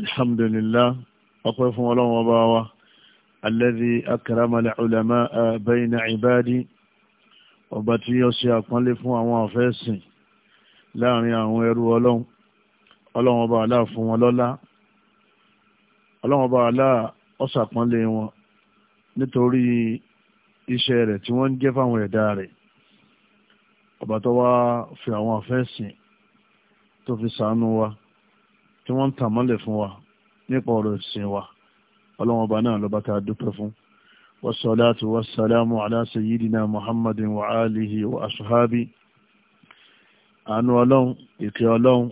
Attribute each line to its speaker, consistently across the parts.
Speaker 1: alhamdulillah ọpẹ́ fún ọlọ́run ọba wa alladhi akrama al-ulama'a bayna ibadi ọba tí ó ṣe àpọ́nlé fún àwọn àfẹ́sìn láàrin àwọn ẹrú ọlọ́run ọlọ́run ọba aláà fún wọn lọ́lá ọlọ́run ọba aláà ó ṣàpọ́nlé wọn nítorí iṣẹ́ rẹ̀ tí wọ́n ń jẹ́ fáwọn ẹ̀dá rẹ̀ ọba tó wá fi àwọn àfẹ́sìn tó fi ṣàánú wa tí wọ́n ń tàn mọ́lẹ̀ fún wa nípa ọ̀rọ̀ ìsìn wa ọlọ́wọ́n ọba náà lọ́ba tá a dúpẹ́ fún wasalaatu wasalaamu ala sayyidina muhammadin wa alihi wa asuhabi àánú ọlọ́run ìkẹ́ ọlọ́run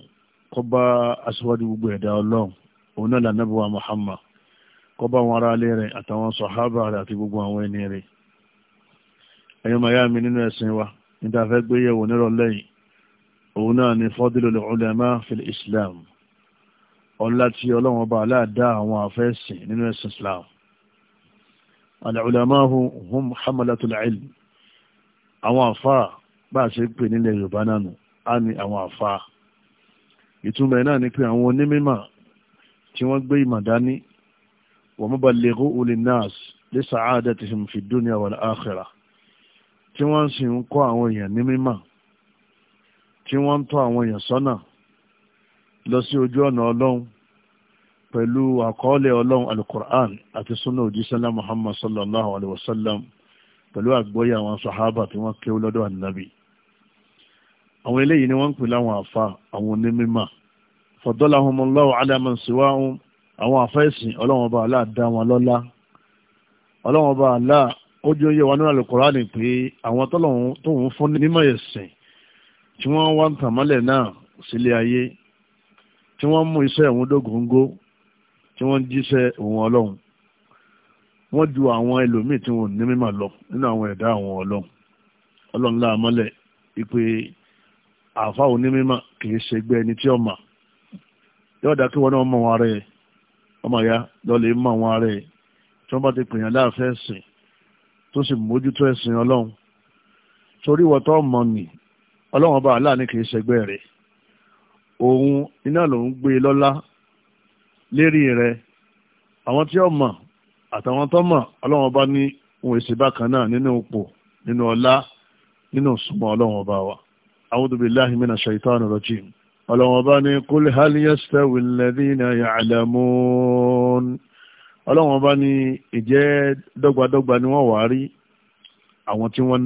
Speaker 1: kó bá aṣíwájú gbogbo ẹ̀dá ọlọ́run òun náà lànà bùwà muhammad kó wọn ará ilé rẹ̀ àtàwọn sọ̀hábà rẹ̀ àti gbogbo àwọn ẹni rẹ̀ ẹ̀yọ́ màyá mi nínú ẹ̀sìn wa níta fẹ́ gbéyẹ̀wò nírọ̀lẹ́yìn òun náà ni fadilul ulama fil islam ọlá tí ọlọ́run ọba aláàdá àwọn afẹ́sìn nínú ẹ̀sìn Islam al-ulamahu hum hamalatul ilm àwọn àfà bá a ṣe pè nílẹ̀ Yorùbá nánu á ní àwọn àfà ìtumọ̀ náà ni pé àwọn onímọ̀ tí wọ́n gbé ìmọ̀ dání wa muballighu linnas li sa'adatihim fi dunya wal akhirah tí wọ́n sì ń kọ́ àwọn èèyàn ní mímọ̀ tí wọ́n ń tọ́ àwọn èèyàn sọ́nà lọ sí ojú ọ̀nà ọlọ́run pẹ̀lú àkọọ́lẹ̀ ọlọ́run alukur'an àti sunna òjísọ́lá muhammad sallallahu alayhi wa sallam pẹ̀lú àgbọ́yé àwọn sàhábà tí wọ́n kéwú lọ́dọ̀ ànábì àwọn eléyìí ni wọ́n ń pè láwọn àfa àwọn onímímà faddalahumullahu ala man siwahum àwọn àfẹ́sìn ọlọ́run ọba aláà dá wọn lọ́lá ọlọ́run ọba aláà ó jẹ́ oyé wa nínú alukur'an pé àwọn tọ́lọ́run tóun fún nímọ̀ ẹ̀sìn tí wọ́n wá ń tàmọ́lẹ̀ náà sílé ayé tí wọ́n mú iṣẹ́ òun dógóńgó tí wọ́n jíṣẹ́ òun ọlọ́run wọ́n ju àwọn ẹlòmíì tí wọ́n ní mímọ̀ lọ nínú àwọn ẹ̀dá àwọn ọlọ́run ọlọ́run láàmọ́lẹ̀ ìpè àfa kì í gbé ẹni tí ó mà yóò dá kí wọn ara ọmọ ya mọ̀ wọn ara tí wọ́n bá ti pèèyàn láàfẹ́ ẹ̀sìn tó sì mójútó ẹ̀sìn ọba àlá òun iná ló ń gbé lọ́lá lérí rẹ̀ àwọn tí ó àtàwọn tó ọlọ́wọ́n bá ní ohun èsì bákan náà nínú nínú ọlá wa. A'udhu billahi minash shaitani rajim. ọlọ́wọ́n bá ní ọlọ́wọ́n bá ní ìjẹ́ dọ́gbadọ́gba ni wọ́n wà rí àwọn tí wọ́n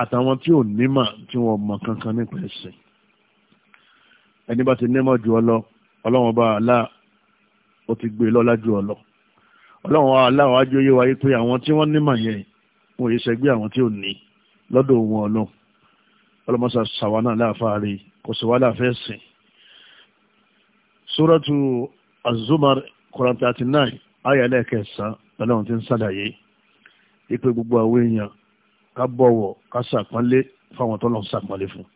Speaker 1: àtàwọn tí ò nímọ̀ tí wọ́n mọ̀ kankan nípa ẹ̀sìn ẹni bá ti nímọ̀ jù ọ lọ ọlọ́run bá àlá ó ti gbé e lọ́lá jù ọ lọ ọlọ́run àlá àwọn ajóyé wáyé pé àwọn tí wọ́n nímọ̀ yẹn wọn yìí ṣẹgbẹ́ àwọn tí ò ní lọ́dọ̀ wọn ọlọ́run ọlọ́mọṣà sàwánà láàfáàrí kò sì wá láàfẹ́ sìn suratu az-zumar Quran 39 ayẹlẹ́kẹsàn lọ́lọ́run ti ń sàlàyé ipe gbogbo àwọn èèyàn ká bọ̀wọ̀ ká sàpọ́nlé fáwọn tó lọ́n sàpọ́nlé fún.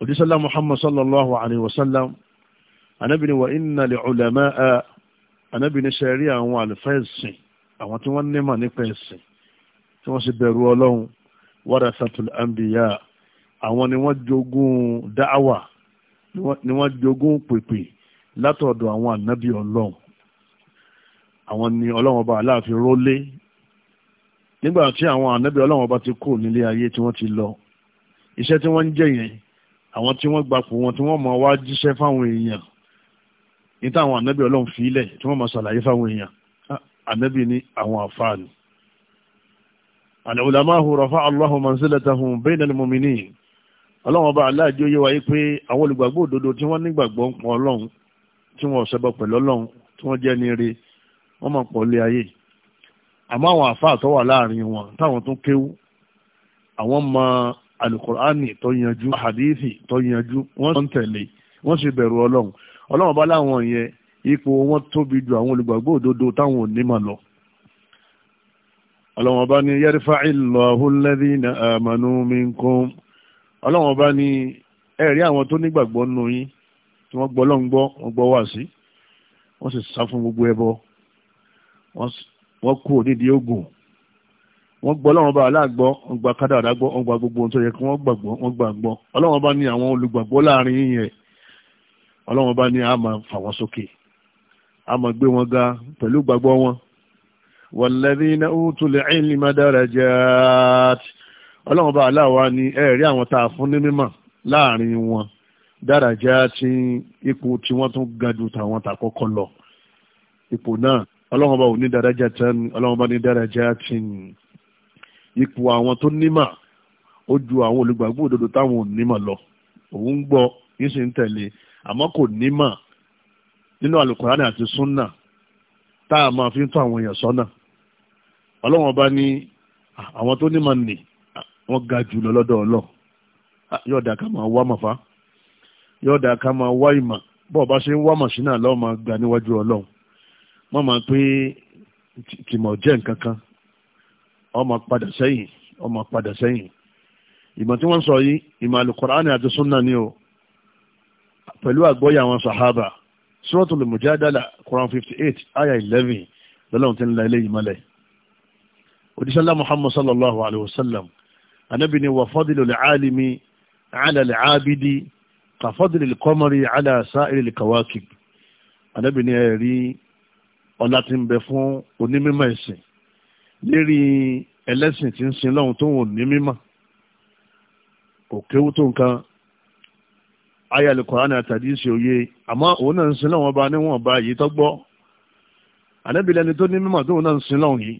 Speaker 1: òdísọ́lá muhammad sallallahu alayhi wa sallam anábìíní wa inna li ulama'a anábìíní sẹ́rí àwọn àlùfẹ́ẹ̀sìn àwọn tí wọ́n nímọ̀ nípa ẹ̀sìn tí wọ́n sì bẹ̀rù ọlọ́run warathatul anbiya àwọn ni wọ́n jogún dáàwà ni wọ́n jogún pèpè látọ̀dọ̀ àwọn ànábì ọlọ́run àwọn ni ọlọ́run ọba aláàfin rólé nígbà tí àwọn ànábì ọlọ́run ọba ti kú nílé ayé tí wọ́n ti lọ iṣẹ́ tí wọ́n ń jẹ́ yẹn àwọn tí wọ́n gbapò wọn tí wọ́n mọ̀ wá jíṣẹ́ fáwọn èèyàn ní táwọn ànábì ọlọ́run fi ilẹ̀ tí wọ́n mọ̀ ṣàlàyé fáwọn èèyàn ànábì ní àwọn àfáàní. al-ulamahu rafa'a Allahu manzilatahum bayna al-mu'minin ọlọ́run ọba aláàjì ó yé wáyé pé àwọn olùgbàgbọ́ òdodo tí wọ́n nígbàgbọ́ ń pọ̀ ọlọ́run tí wọ́n ṣẹbọ pẹ̀lú ọlọ́run àmọ́ àwọn àfáà tó wà láàrin wọn táwọn tó kéwú àwọn mọ alukur'ani tó yanjú hadithi tó yanjú wọ́n ń tẹ̀lé wọ́n sì bẹ̀rù ọlọ́run ọlọ́run bá láwọn yẹn ipò wọn tóbi ju àwọn olùgbàgbọ́ òdodo táwọn ò ní mà lọ. ọlọ́run bá ní yarfa'illahu alladhina amanu minkum ọlọ́run bá ní ẹ̀rí àwọn tó nígbàgbọ́ nù yín tí wọ́n gbọ́ lọ́n wọ́n gbọ́ wá sí wọ́n sì sá fún gbogbo ẹbọ wọ́n kú onídìí ogun wọ́n gbọ́ ọlọ́run bá aláàgbọ́ wọ́n gba kádàrá gbọ́ wọ́n gba gbogbo ohun tó yẹ kí wọ́n gbàgbọ́ wọ́n gbàgbọ́ ọlọ́run bá ní àwọn olùgbàgbọ́ láàrin yìnyẹn ọlọ́run bá ní a máa fà wọ́n sókè a máa gbé wọn ga pẹ̀lú gbàgbọ́ wọn. walladhina utul ilma darajat ọlọ́run bá aláwa ní ẹ̀rí àwọn tá a fún ní mímọ̀ láàrin wọn dáràjá tí ipò tí wọ́n tún ga tàwọn tàkọ́kọ́ lọ ipò náà ọlọ́run bá ní daraja tán ọlọ́run bá ní daraja tin ipò àwọn tó nímà ó ju àwọn olùgbàgbọ́ òdodo táwọn ò nímà lọ òun ń gbọ́ yín sì ń tẹ̀lé àmọ́ kò nímà nínú alukurani àti sunna tá a máa fi ń tọ́ àwọn èèyàn sọ́nà ọlọ́run bá ní àwọn tó nímà nì wọ́n ga jù lọ lọ́dọ̀ ọlọ́ yóò dá ká máa wá màfá yóò dá ká máa wá ìmà bọ́ọ̀ bá ṣe ń wá màṣínà lọ́ọ́ máa gbà níwájú ọlọ́run wọ́n máa pé tìmọ̀ jẹ́ nǹkan kan ọmọ padà sẹ́yìn ọmọ padà sẹ́yìn ìmọ̀ tí wọ́n sọ yìí ìmọ̀ alukur'ani àti sunna ni o pẹ̀lú àgbọ́yé àwọn sahaba suratul mujadala quran fifty eight aya eleven lọ́lọ́run ti ń la eléyìí mọ́lẹ̀ odisala muhammad sallallahu alayhi wa sallam anabi ni wa fadlu alimi ala alabidi ka fadlu alqamari ala sa'iri alkawakib anabi ni ẹ̀rí ọlá tí ń bẹ fún onímọ̀ ẹ̀sìn lérí ẹlẹ́sìn tí ń sin lọ́hùn tó wọ́n ní mímọ̀ kò kéwú tó nǹkan ayàlẹ̀ Kùránì àtàdí ìṣe òye àmọ́ òun náà ń sin lọ́hùn ọba níwọ̀n ọba yìí tọ́gbọ́ ànábìlẹ̀ ẹni tó ní mímọ̀ tóun náà ń sin lọ́hùn yìí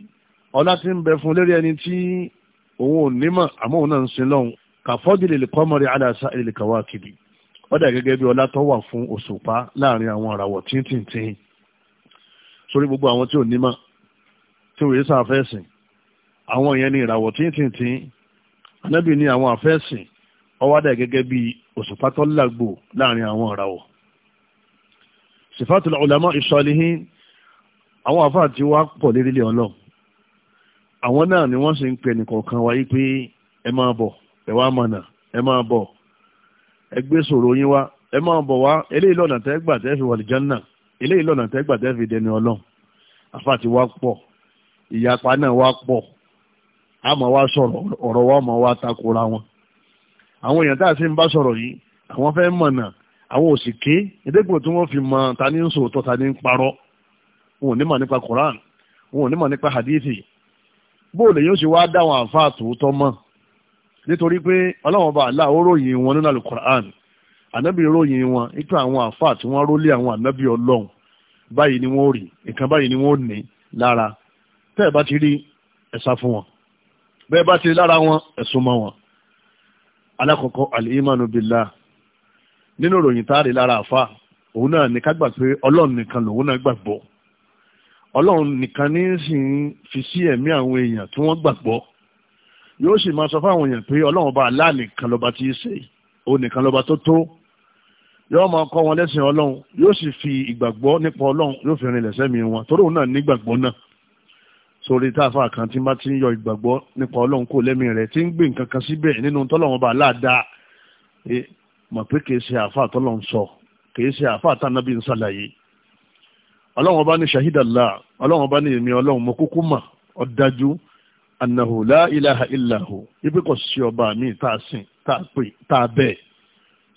Speaker 1: ọlá tí ń bẹ fún lérí ẹni tí òun ò nímọ̀ àmọ́ òun náà ń sin lọ́hùn kàfọ́dìlì lè kọ́mọ̀rẹ́ aláṣà ìlẹ̀kàwá kìdì ọ̀dà gẹ́gẹ́ bí ọlá tó wà fún òṣùpá láàrin àwọn àràwọ̀ tíntìntín sórí gbogbo àwọn tí ò ní mọ̀ tí òye sàfẹ́sìn àwọn yẹn ni ìràwọ̀ tíntìntín anábì ní àwọn àfẹ́sìn ọwádà gẹ́gẹ́ bí òṣùpá tó lágbo láàrin àwọn ìràwọ̀ sifatul ulama ìsọlihin àwọn àfáà tí wàá pọ̀ lérílẹ̀ ọlọ́run àwọn náà ni wọ́n sì ń pè nìkọ̀ọ̀kan wáyé pé ẹ máa bọ̀ ẹ wá mọ̀nà ẹ máa bọ̀ ẹ gbé sòrò yín wá ẹ máa bọ̀ wá eléyìí lọ́nà tẹ́ gbà tẹ́ fi wà lìjánná eléyìí lọ́nà tẹ́gbà tẹ́ fi dẹni ọlọ́run àfáà ti wá pọ̀ ìyapa náà wá pọ̀ àmọ́ wá sọ̀rọ̀ ọ̀rọ̀ wa mọ̀ wá takora wọn àwọn èèyàn tá a sì ń bá sọ̀rọ̀ yìí àwọn fẹ́ mọ̀nà àwọn òsì ké ẹ̀dẹ́gbọ̀n tí wọ́n fi mọ ta ní ń sòótọ́ ta ní ń parọ́ wọn ò ní mọ̀ nípa Quran wọn ò ní mọ̀ nípa hadithi bóòlù yóò ṣe wá dáwọn àfáà tòótọ́ mọ̀ nítorí pé ọlọ́wọ́n bá aláwòrán yìí wọn nínú àlùkùrán ànábì ròyìn wọn ikú àwọn àfáà tí wọ́n rólé àwọn ànábì ọlọ́run báyìí ni wọ́n rí nǹkan báyìí ni wọ́n ní lára tẹ́ ẹ bá ti rí ẹ̀sà fún wọn bẹ́ẹ̀ bá ti rí lára wọn ẹ̀sùn mọ́ wọn. alákọ̀ọ́kọ́ alìmánu bìlá nínú ìròyìn táàrí lára àfáà òun náà ní ká gbà pé ọlọ́run nìkan lòun náà gbàgbọ́ ọlọ́run nìkan ní sì ń fi sí ẹ̀mí àwọn èèyàn tí wọ́n gbàgbọ́ yóò sì máa sọ fáwọn èèyàn pé ọlọ́run ọba aláà nìkan lọ́ba tí í ṣe òun nìkan lọ́ba tó tó yóò máa kọ́ wọn lẹ́sìn ọlọ́run yóò sì fi ìgbàgbọ́ nípa ọlọ́run yóò fi rinlẹ̀ sẹ́mi wọn torí òun náà nígbàgbọ́ náà sórí táàfà kan tí má ti ń yọ ìgbàgbọ́ nípa ọlọ́run kò lẹ́mìí rẹ̀ tí ń gbé nǹkan kan síbẹ̀ nínú tọ́lọ́run bá láàdáa ẹ mọ̀ pé kìí ṣe àáfà tọ́lọ́run sọ kìí ṣe àáfà tànàbí ń ṣàlàyé ọlọ́run ọba ní ṣahidàlá ọlọ́run ọba ní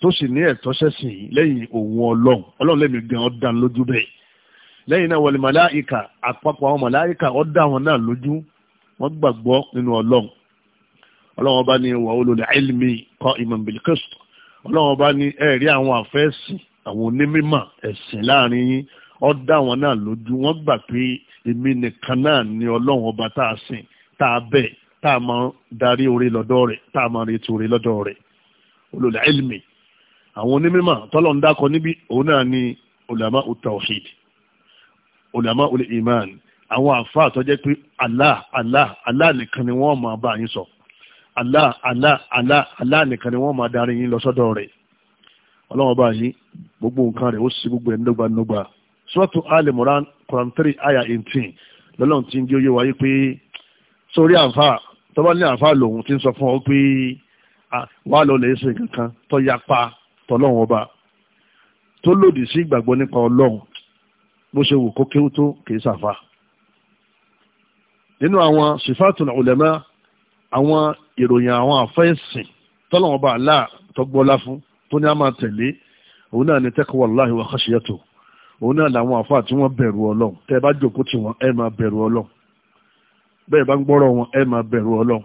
Speaker 1: tó sì ní ẹ̀tọ́ sẹ́sìn yìí lẹ́yìn òun ọlọ́run ọlọ́run lẹ́mìí gan ọ́ dán lójú bẹ́ẹ̀ lẹ́yìn náà wọlé màláìka àpapọ̀ àwọn màláìka ọ́ dá wọn náà lójú wọ́n gbàgbọ́ nínú ọlọ́run ọlọ́run ọba ní wà ó àìlìmí kọ́ ìmọ̀n bìlíkẹ́sì ọlọ́run ọba ní ẹ̀rí àwọn àfẹ́sìn àwọn onímọ̀ ẹ̀sìn láàrin yín ọ́ dá wọn náà lójú wọ́n gbà pé èmi nìkan náà ni ọlọ́run ọba tá a sìn tá a bẹ̀ tá a máa darí orí lọ́dọ̀ rẹ̀ tá a máa retí orí lọ́dọ̀ rẹ̀ olùlẹ̀ àìlìmí àwọn onímọ̀ tọ́lọ̀ ń dákọ níbi òun náà ni olùyàmá utawhid olùyàmá olùimán àwọn àfa àtọ́jẹ́ pé Allah Allah Allah nìkan ni wọ́n máa bá yín sọ Allah Allah Allah Allah nìkan ni wọ́n máa darí yín lọ sọ́dọ̀ rẹ̀ ọlọ́wọ́n bá yín gbogbo nǹkan rẹ̀ ó sì gbogbo ẹ̀ nígbàgbà suratu ali moran quran three aya eighteen lọ́lọ́run ti ń di oyé wáyé pé sórí àǹfà tọ́ba ní àǹfà lòun ti ń sọ fún ọ pé wà lọ lè ṣe nǹkan kan tó yapa tọ́lọ́run ọba tó lòdì sí ìgbàgbọ́ nípa ọlọ́run bó ṣe wù kó kéwú tó kìí sàfà nínú àwọn sifatul ulama àwọn ìròyìn àwọn àfẹ́sìn tọ́lọ́run ọba àlá tọgbọ́lá fún tó ní a máa tẹ̀lé òun náà ni taqwallahi wa khashiyatu òun náà làwọn àfáà tí wọ́n bẹ̀rù ọlọ́run tẹ́ bá jókòó tí wọ́n ẹ máa bẹ̀rù ọlọ́run bẹ́ẹ̀ bá ń gbọ́rọ̀ wọn ẹ máa bẹ̀rù ọlọ́run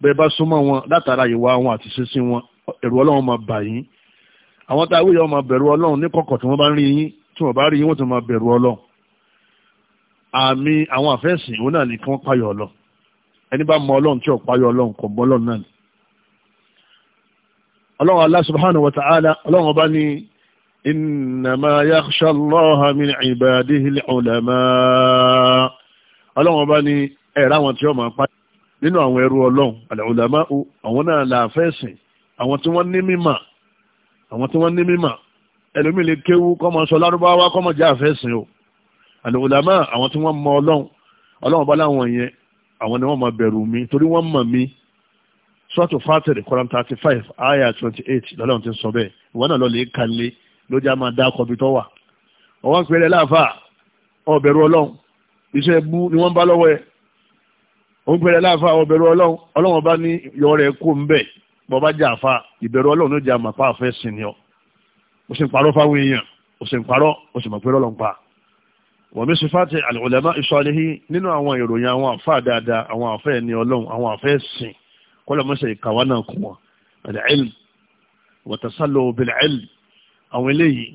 Speaker 1: bẹ́ẹ̀ bá súnmọ́ àwọn tá a wúyọ máa bẹ̀rù ọlọ́run ní kọ̀kọ̀ tí wọ́n bá ń rí yín tí wọ́n bá rí yín wọ́n tó máa bẹ̀rù ọlọ́run àmì àwọn àfẹ́sìn òun náà ní kí wọ́n payọ̀ ọlọ́run ẹni bá mọ ọlọ́run tí ò payọ̀ ọlọ́run kò mọ ọlọ́run náà ni ọlọ́run Allah subhanahu wa ta'ala ọlọ́run ọba ní innama yakhsha Allaha min ibadihi al-ulama ọba ní ẹ̀rọ àwọn tí ó máa pa nínú àwọn ẹrú ọlọ́run al àwọn náà làáfẹ́sìn àwọn tí wọ́n ní mímọ̀ àwọn tí wọ́n ní mímọ̀ ẹlòmíì lè kéwú kọ́mọ sọ lárúbáwá kọ́mọ jẹ́ àfẹ́sìn o àlùkùdàmọ́ àwọn tí wọ́n mọ ọlọ́run ọlọ́run bá láwọn yẹn àwọn ni wọ́n mọ bẹ̀rù mi torí wọ́n mọ̀ mí sọ́ọ̀tù fátìrì kọ́ram thirty five ayah twenty eight lọ́lọ́run ti sọ bẹ́ẹ̀ ìwọ náà lọ́ọ́ lè kanlé lójú àmà dákọ̀ bí tọ́ wà ọwọ́ pèrè láàfà ọ̀bẹ̀rù ọlọ́run iṣẹ́ ni wọ́n bá lọ́wọ́ ẹ̀ ó ń pèrè láàfà ọ̀bẹ̀rù ọlọ́run bọ́ bá jẹ́ àfa ìbẹ̀rù ọlọ́run ló jẹ́ àmàpá àfẹ́ sìn ni ọ o sì ń parọ́ fáwọn èèyàn o sì ń parọ́ o sì mọ̀ pé rọ́lọ́ ń pa wọ́n mi sifáàtì al-ulama as-salihin nínú àwọn ìròyìn àwọn àfa dáadáa àwọn àfẹ́ ẹni ọlọ́run àwọn àfẹ́ sìn kọ́lọ̀ mọ́sẹ̀ ìkàwá náà kún wọn al-ilm wa àwọn eléyìí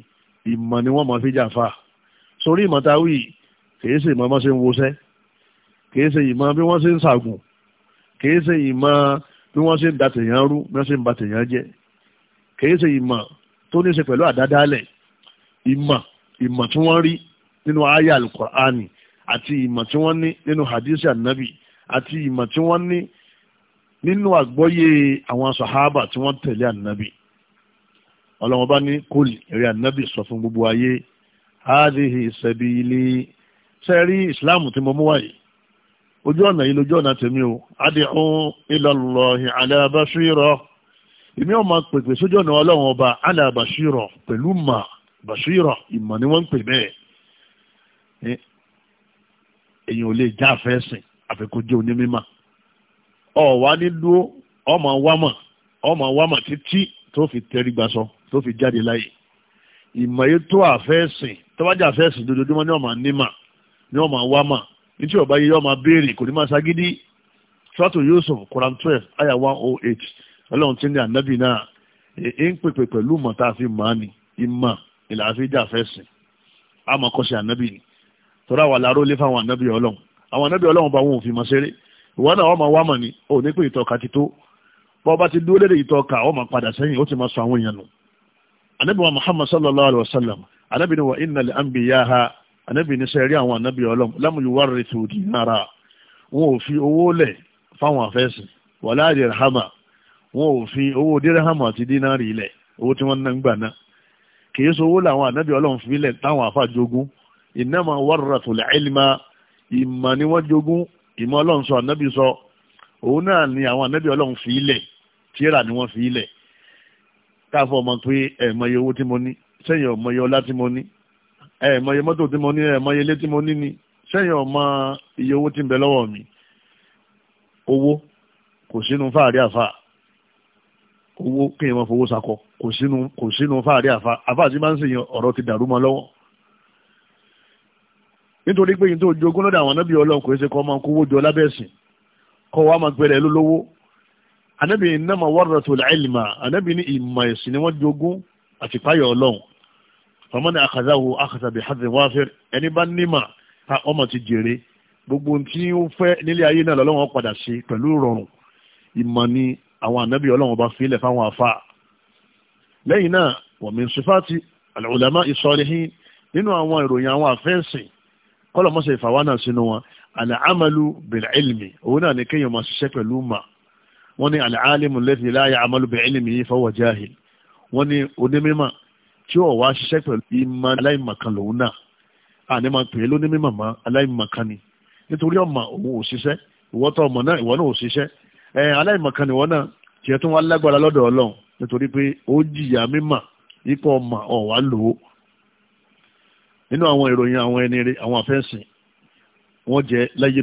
Speaker 1: ìmọ̀ ni wọ́n mọ̀ fi jàfa sórí ìmọ̀tawí kìí ṣe ìmọ̀ mọ́sẹ̀ ń wọṣẹ́ kìí ṣe ìmọ̀ bí wọ́n ṣe ń ṣàgùn kìí ṣe ìmọ̀ bí wọ́n ṣe ń da tèèyàn rú bí wọ́n ṣe ń ba tèèyàn jẹ́ kèyí ṣe ìmọ̀ tó ní ṣe pẹ̀lú àdádálẹ̀ ìmọ̀ ìmọ̀ tí wọ́n rí nínú aya alukur'ani àti ìmọ̀ tí wọ́n ní nínú hadisi anabi àti ìmọ̀ tí wọ́n ní nínú àgbọ́yé àwọn sahaba tí wọ́n tẹ̀lé anabi ọlọ́wọ́n bá ní kólì eré anabi sọ fún gbogbo ayé hadhihi sabili sẹ́rí ìsìláàmù tí mo mú wáyìí ojú ọ̀nà yìí lójú ọ̀nà tèmi o ad'u ila Allahi ala basira èmi ò máa pèpè sójú ọ̀nà ọlọ́run ọba ala basira pẹ̀lú mà basira ìmọ̀ ni wọ́n ń pè bẹ́ẹ̀ èyàn ò lè já àfẹ́sìn àfikún jẹ́ onímọ̀ ọ̀wá nílùú ọmọ wámọ̀ ọmọ wámọ̀ títí tó fi tẹ́rí gba sọ tó fi jáde láyé ìmọ̀ yìí tó àfẹ́sìn tó bá jẹ́ àfẹ́sìn dojoojúmọ́ nítí ọba yíyọ máa béèrè kò ní máa ṣagídí sọ́tò Yusuf koran twelve aya one oh eight ọlọ́run tí ní ànábì náà ń pèpè pẹ̀lú ìmọ̀ tá a fi mọ̀ á ní ìmọ̀ ìlà àfíjà fẹ́sìn á máa kọ́ sí ànábì ni tọ́lá wà láró lé fáwọn ànábì ọlọ́run àwọn ànábì ọlọ́run bá wọn ò fi ṣeré ìwọ náà wọ́n ti tó bọ́ bá ti dúró lédè ìtọ́ka wọ́n máa padà sẹ́yìn ó ti máa sọ àwọn èèyàn nù ànábì wa Muhammad sallallahu alayhi wa sallam ànábì wa inna ànábì ní sẹ́rí àwọn ànábì ọlọ́m lámùyí wà rẹ̀ tó di nára wọn ò fi owó lẹ̀ fáwọn afẹ́sìn wàlá dirhama wọn ò fi owó dirhama àti dínárì lẹ̀ owó tí wọ́n ń gbà náà kì í sowó làwọn ànábì ọlọ́m fi lẹ̀ táwọn àfa jogún ìnáma wàrà tó lẹ̀ ẹ̀lìmá ìmọ̀ ni wọ́n jogún ìmọ̀ ọlọ́run sọ ànábì sọ òun náà ni àwọn ànábì ọlọ́run fi lẹ̀ tíra ni wọ́n fi lẹ̀ káfọ́ ọmọ pé ẹ̀mọye owó tí mo ní sẹ́yìn ọmọye ọlá tí mo ní ẹ̀ẹ̀mọye mọ́tò tí mo ní ẹ̀ẹ̀mọye ilé tí mo ní ni sẹ́yìn ọmọ iye owó tí ń bẹ lọ́wọ́ mi owó kò sínú fáàrí àfa owó kí èèyàn fowó sakọ kò sínú kò sínú fáàrí àfa àfa àti máa ń sèyàn ọ̀rọ̀ ti dàrú mọ́ lọ́wọ́ nítorí pé yìí tó jogún lọ́dọ̀ àwọn anábì ọlọ́run kò ṣe kọ́ máa kówó jọ lábẹ́ ẹ̀sìn kọ́ wa máa gbẹ̀rẹ̀ lólówó anábì innama warratul ilma anábì ní ìmọ̀ ẹ̀sìn ni wọ́n jogún àtìpáyọ̀ ọlọ́run fàmọ́nà àkàzáwo àkàzàbí hàzẹ̀ wáfẹ́ ẹni bá nímà ta ọmọ ti jèrè gbogbo tí ó fẹ́ nílé ayé náà lọ́wọ́ padà sí pẹ̀lú rọrùn ìmọ̀ ni àwọn ànábì ọlọ́wọ́ bá filẹ̀ fáwọn afá lẹ́yìn náà wa min sifati al-ulama as-salihin nínú àwọn ìròyìn àwọn àfẹ́sìn kọ́lọ̀mọ́sẹ̀ ìfàwá náà sínú wọn al-amalu bil-ilmi òun náà ní kéèyàn tí ó wá ṣiṣẹ́ pẹ̀lú ìmọ̀ aláìmọ̀kan lòun náà àní máa pè é lóní mímọ̀ mọ́ aláìmọ̀kan ni nítorí ọmọ òun ò ṣiṣẹ́ ìwọ tó ọmọ náà ìwọ náà ò ṣiṣẹ́ ẹ aláìmọ̀kan ìwọ náà tiẹ̀ tún wá lágbára lọ́dọ̀ ọlọ́run nítorí pé ó jìyà mímọ̀ ipò ọmọ ọ̀wá lò ó nínú àwọn ìròyìn àwọn ẹni rẹ àwọn àfẹ́sìn wọ́n jẹ́ láyé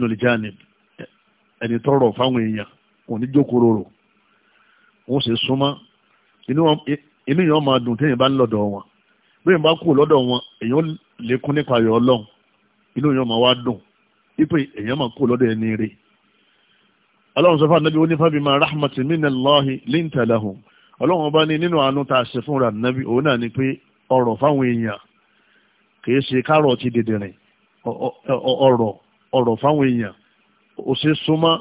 Speaker 1: ẹni inú yẹn máa dùn téèyàn bá ń lọ́dọ̀ wọn bẹ́ẹ̀ bá kú lọ́dọ̀ wọn èèyàn lékún nípa ayọ̀ ọlọ́run inú yẹn máa wá dùn ipò èèyàn máa kú lọ́dọ̀ ẹni rè ọlọ́run sọ fún anabi ó ní fábímà rahmatin minallahi linta lahum ọlọ́run ọba ní nínú àánú tá a ṣe òun náà ni pé ọ̀rọ̀ fáwọn èèyàn kìí ṣe kárọ̀ ti dìdìrìn ọ̀rọ̀ ọ̀rọ̀ fáwọn èèyàn ṣe súnmọ́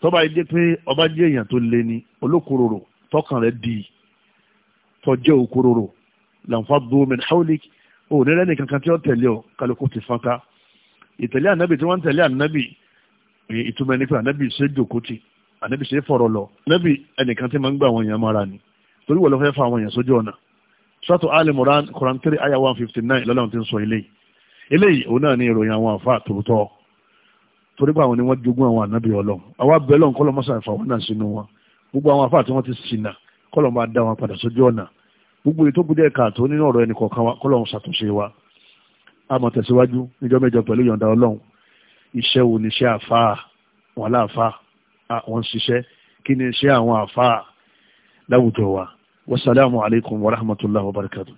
Speaker 1: tọ́ba yìí dé pé ọba jẹ́ èèyàn tó lé ní olókororo tọkàn rẹ̀ di tọ́jẹ́ òkororo lanfaddu min hawlik ò ní rẹ́ni kankan tí ó tẹ̀lé ọ kálukú ti fọ́nká ìtẹ̀lé ànábì tí wọ́n ń tẹ̀lé ànábì ìtumọ̀ ẹni pé ànábì ṣe jòkóti ànábì ṣe fọ̀rọ̀ lọ ànábì ẹnìkan tí máa ń gbà àwọn èèyàn mara ni torí wọ́n lọ fẹ́ fa àwọn èèyàn sójú ọ̀nà sọ́tò ali moran Quran three one fifty nine lọ́lọ́run ti sọ eléyìí eléyìí òun náà ní ìròyìn àwọn àfa tòótọ́ torí pé àwọn ni wọ́n jogún àwọn ànábì ọlọ́run àwa bẹ́ẹ̀ lọ́n kọ́lọ́ mọ́sàn àfà wọn náà sínú wọn gbogbo àwọn àfà tí wọ́n ti ṣìnà kọ́lọ́ máa dá wọn padà sójú ọ̀nà gbogbo ètò gbúdẹ̀ káàtó nínú ọ̀rọ̀ ẹnì kọ̀ọ̀kan wa kọ́lọ́ ṣàtúnṣe wa a mọ̀ tẹ̀síwájú níjọ́ mẹ́jọ pẹ̀lú yọ̀ǹda ọlọ́run iṣẹ́ wo ni iṣẹ́ àfà wọn